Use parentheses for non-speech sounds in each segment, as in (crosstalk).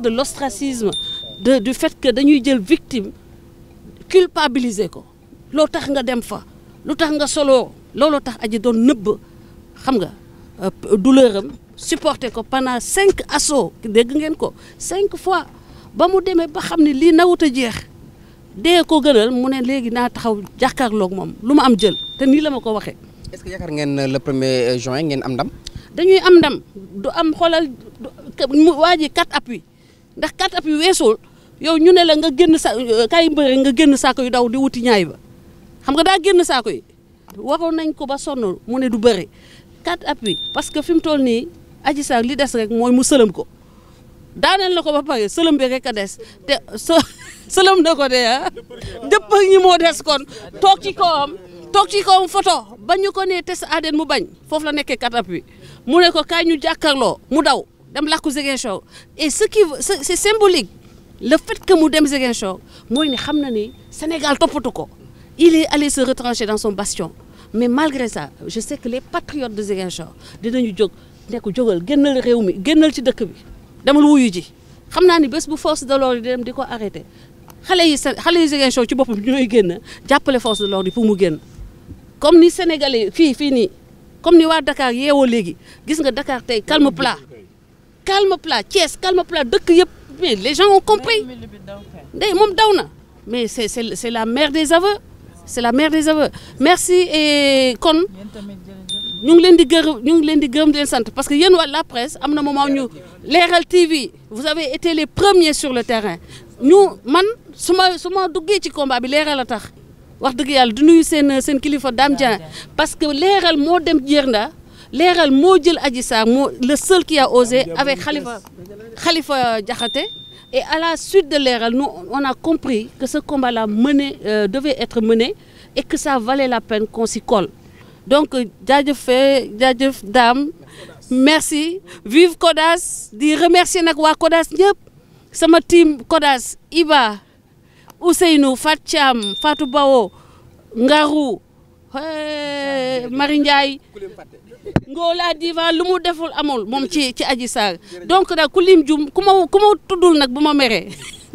de l'ostracisme du fait que dañuy jël victime culpabiliser ko loo tax nga dem fa tax nga nous euh, douleur supporter ko pendant cinq assauts cinq fois ba mu ba ko mu taxaw mom, luma ni est-ce que yakar euh, le 1er euh, juin am ndam. dañuy am ndam du appuis ndax quatre appuis weesul yow ñu ne la nga génn sa euh, kay nga génn saako yu daw di wuti ñaay ba xam nga daa génn saako yi waroon nañ ko ba sonn mu ne du bëri quatre appuis parce que fi mu toll nii aji Sarr li des rek mooy mu sëlëm ko daaneel na ko ba pare sëlëm bi rek a des te (laughs) sëlëm na ko de ah dëpp ñi moo des kon toog ci kawam toog ci kawam photo ba ñu ko nee test ADN mu bañ foofu la nekkee quatre appuis mu ne ko kaay ñu jàkkaarloo mu daw dem làkku Ziguinchor et ce qui c'est symbolique le fait que mu dem Ziguinchor mooy ne xam na ni Sénégal toppatu ko il est allé se retrancher dans son bastion mais malgré ça je sais que les patriotes de Ziguinchor dinañu jóg nekk jógal génnal réew mi génnal ci dëkk bi demal wuyu ji xam naa ni bés bu force de l'ordre di dem di ko arrêté xale yi xale yi Ziguinchor ci boppam ñooy génn jàppale force de l'ordre yi pour mu génn comme ni Sénégalais fii fii nii comme ni waa Dakar yeewoo léegi gis nga Dakar tey calme plat calme plat Thiès calme plat dëkk yëpp mais les gens ont compris day moom daw mais c'est c'est c'est la mère des aveux c'est la mère des aveux merci et kon ñu ngi leen di gërëm ñu ngi leen di gërëm di leen sant parce que yéen waa la presse am na moment ñu Leral TV vous avez été les premiers sur le terrain Nous man su ma su ma duggee ci combat bi Leral la tax wax dëgg yàlla du nuyu seen seen kilifa Dame Dieng parce que Leral moo dem Djirnda leral mo le seul qui a osé avec Khalifa Khalifa et à la suite de leral nous on a compris que ce combat là mené euh, devait être mené et que ça valait la peine qu'on s'y colle donc jaajëf jaajëf dame, merci vive Kodas, di remercier nak wa Kodas, ñep sama team Iba Ouseinou, Fatiam, Fatoubao, Fatou Ngarou Marie Ndiaye Ngola Diva lumu mu deful amul mom ci ci Adji Sarr donc nak ku lim jum kuma tuddul nag (laughs)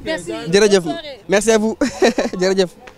merci jërëjëf merci à vous (laughs) jërëjëf.